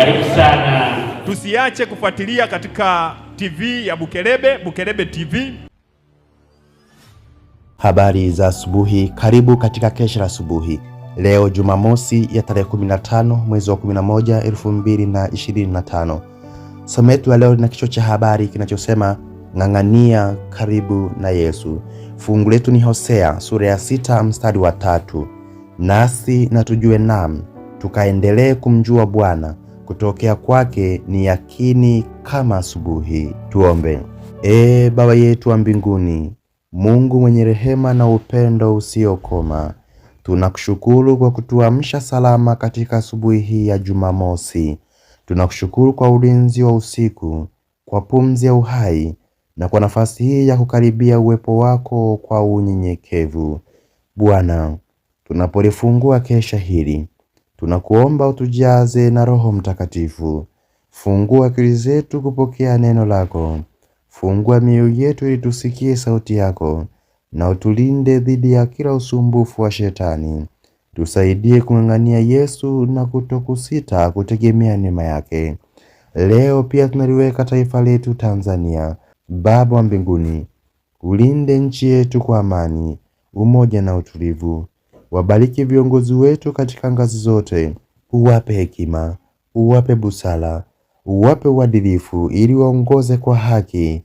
Karibu sana. Tusiache kufuatilia katika TV ya Bukelebe, Bukelebe TV. Habari za asubuhi, karibu katika kesha la asubuhi leo Jumamosi ya tarehe 15 mwezi wa 11 2025. Somo letu la leo lina kichwa cha habari kinachosema ng'ang'ania karibu na Yesu. Fungu letu ni Hosea sura ya sita mstari wa tatu, nasi na tujue nam tukaendelee kumjua Bwana kutokea kwake ni yakini kama asubuhi. Tuombe. Ee Baba yetu wa mbinguni, Mungu mwenye rehema na upendo usiokoma, tunakushukuru kwa kutuamsha salama katika asubuhi hii ya Jumamosi. Tunakushukuru kwa ulinzi wa usiku, kwa pumzi ya uhai na kwa nafasi hii ya kukaribia uwepo wako kwa unyenyekevu. Bwana, tunapolifungua kesha hili Tunakuomba utujaze na Roho Mtakatifu. Fungua akili zetu kupokea neno lako, fungua mioyo yetu ili tusikie sauti yako, na utulinde dhidi ya kila usumbufu wa Shetani. Tusaidie kung'ang'ania Yesu na kutokusita kutegemea neema yake. Leo pia tunaliweka taifa letu Tanzania. Baba wa mbinguni, ulinde nchi yetu kwa amani, umoja na utulivu Wabariki viongozi wetu katika ngazi zote, uwape hekima, uwape busara, uwape uadilifu ili waongoze kwa haki.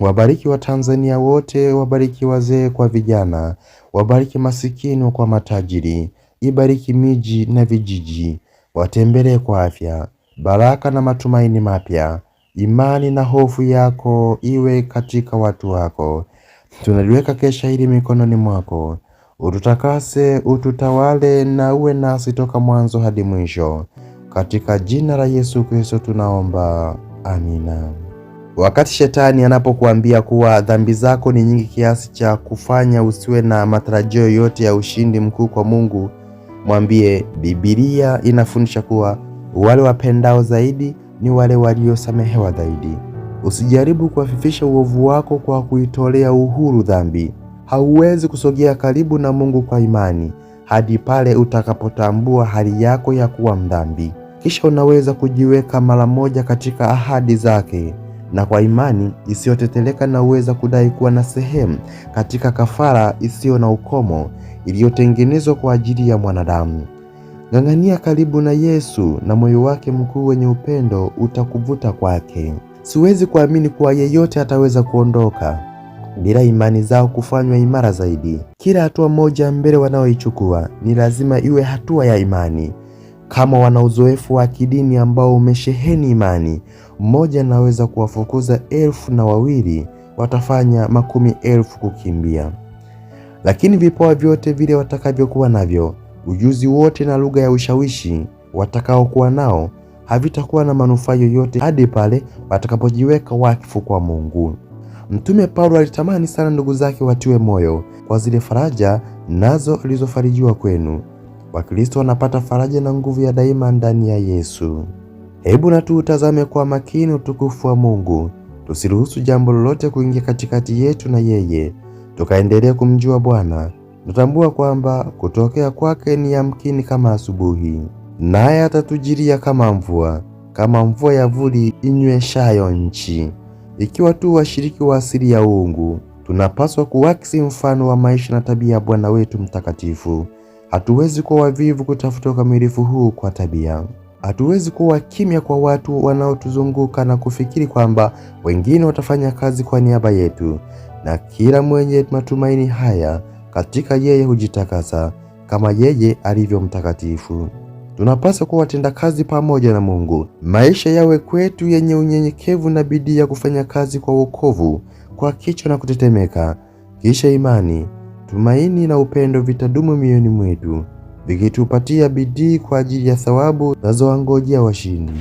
Wabariki Watanzania wote, wabariki wazee kwa vijana, wabariki masikini kwa matajiri, ibariki miji na vijiji, watembelee kwa afya, baraka na matumaini mapya. Imani na hofu yako iwe katika watu wako. Tunaliweka kesha hili mikononi mwako ututakase, ututawale na uwe nasi toka mwanzo hadi mwisho. Katika jina la Yesu Kristo tunaomba, amina. Wakati shetani anapokuambia kuwa dhambi zako ni nyingi kiasi cha kufanya usiwe na matarajio yoyote ya ushindi mkuu kwa Mungu, mwambie Biblia inafundisha kuwa wale wapendao zaidi ni wale waliosamehewa zaidi. Usijaribu kuafifisha uovu wako kwa kuitolea uhuru dhambi hauwezi kusogea karibu na Mungu kwa imani hadi pale utakapotambua hali yako ya kuwa mdhambi. Kisha unaweza kujiweka mara moja katika ahadi zake na kwa imani isiyoteteleka naweza kudai kuwa na sehemu katika kafara isiyo na ukomo iliyotengenezwa kwa ajili ya mwanadamu. Ng'ang'ania karibu na Yesu na moyo wake mkuu wenye upendo utakuvuta kwake. Siwezi kuamini kuwa yeyote ataweza kuondoka bila imani zao kufanywa imara zaidi. Kila hatua moja mbele wanaoichukua ni lazima iwe hatua ya imani. Kama wana uzoefu wa kidini ambao umesheheni imani, mmoja anaweza kuwafukuza elfu na wawili watafanya makumi elfu kukimbia. Lakini vipawa vyote vile watakavyokuwa navyo, ujuzi wote na lugha ya ushawishi watakaokuwa nao havitakuwa na manufaa yoyote hadi pale watakapojiweka wakifu kwa Mungu. Mtume Paulo alitamani sana ndugu zake watiwe moyo kwa zile faraja nazo ilizofarijiwa kwenu. Wakristo wanapata faraja na nguvu ya daima ndani ya Yesu. Hebu na tuutazame kwa makini utukufu wa Mungu, tusiruhusu jambo lolote kuingia katikati yetu na yeye, tukaendelea kumjua Bwana. Tutambua kwamba kutokea kwake ni yamkini kama asubuhi, naye atatujiria kama mvua, kama mvua ya vuli inyweshayo nchi. Ikiwa tu washiriki wa asili ya uungu, tunapaswa kuakisi mfano wa maisha na tabia ya Bwana wetu mtakatifu. Hatuwezi kuwa wavivu kutafuta ukamilifu huu kwa tabia. Hatuwezi kuwa kimya kwa watu wanaotuzunguka na kufikiri kwamba wengine watafanya kazi kwa niaba yetu, na kila mwenye matumaini haya katika yeye hujitakasa kama yeye alivyo mtakatifu. Tunapaswa kuwa watendakazi pamoja na Mungu. Maisha yawe kwetu yenye unyenyekevu na bidii ya kufanya kazi kwa wokovu kwa kichwa na kutetemeka. Kisha imani, tumaini na upendo vitadumu mioyoni mwetu, vikitupatia bidii kwa ajili ya thawabu tunazowangojea washindi.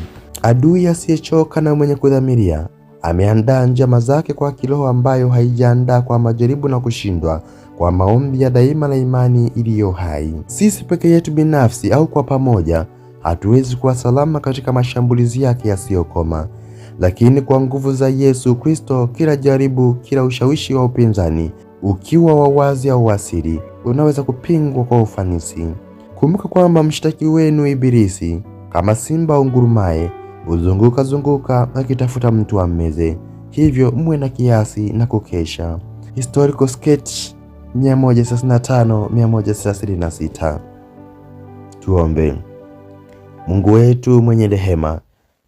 Adui asiyechoka na mwenye kudhamiria ameandaa njama zake kwa kiroho ambayo haijaandaa kwa majaribu na kushindwa kwa maombi ya daima na imani iliyo hai. Sisi peke yetu binafsi au kwa pamoja hatuwezi kuwa salama katika mashambulizi yake yasiyokoma, lakini kwa nguvu za Yesu Kristo, kila jaribu, kila ushawishi wa upinzani, ukiwa wa wazi au asiri, unaweza kupingwa kwa ufanisi. Kumbuka kwamba mshtaki wenu Ibilisi kama simba ungurumaye huzunguka zunguka akitafuta mtu ammeze. Hivyo muwe na kiasi na kukesha. Historical sketch 135, Tuombe. Mungu wetu mwenye rehema,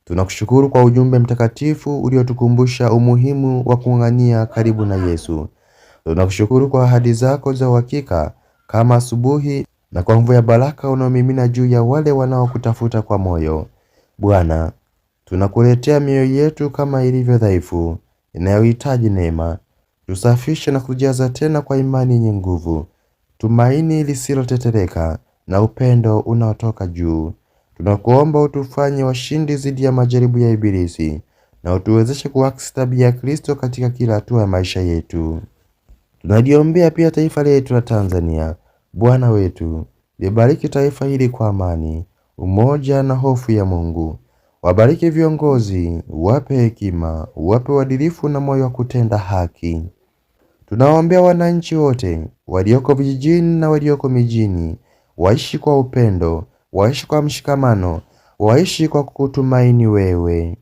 tunakushukuru kwa ujumbe mtakatifu uliotukumbusha umuhimu wa kuungania karibu na Yesu. Tunakushukuru kwa ahadi zako za uhakika kama asubuhi na kwa mvua ya baraka unaomimina juu ya wale wanaokutafuta kwa moyo. Bwana, tunakuletea mioyo yetu kama ilivyo dhaifu, inayohitaji neema Tusafishe na kujaza tena kwa imani yenye nguvu, tumaini lisilotetereka na upendo unaotoka juu. Tunakuomba utufanye washindi dhidi ya majaribu ya Ibilisi na utuwezeshe kuakisi tabia ya Kristo katika kila hatua ya maisha yetu. Tunaliombea pia taifa letu la Tanzania. Bwana wetu, libariki taifa hili kwa amani, umoja na hofu ya Mungu. Wabariki viongozi, wape hekima, wape uadilifu na moyo wa kutenda haki. Tunawaombea wananchi wote walioko vijijini na walioko mijini waishi kwa upendo, waishi kwa mshikamano, waishi kwa kukutumaini wewe.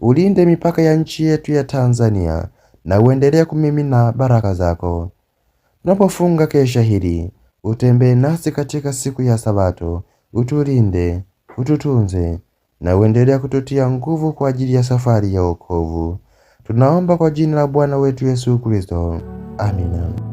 Ulinde mipaka ya nchi yetu ya Tanzania na uendelee kumimina baraka zako. Tunapofunga kesha hili, utembee nasi katika siku ya Sabato, utulinde, ututunze na uendelee kututia nguvu kwa ajili ya safari ya wokovu. Tunaomba kwa jina la Bwana wetu Yesu Kristo. Amina.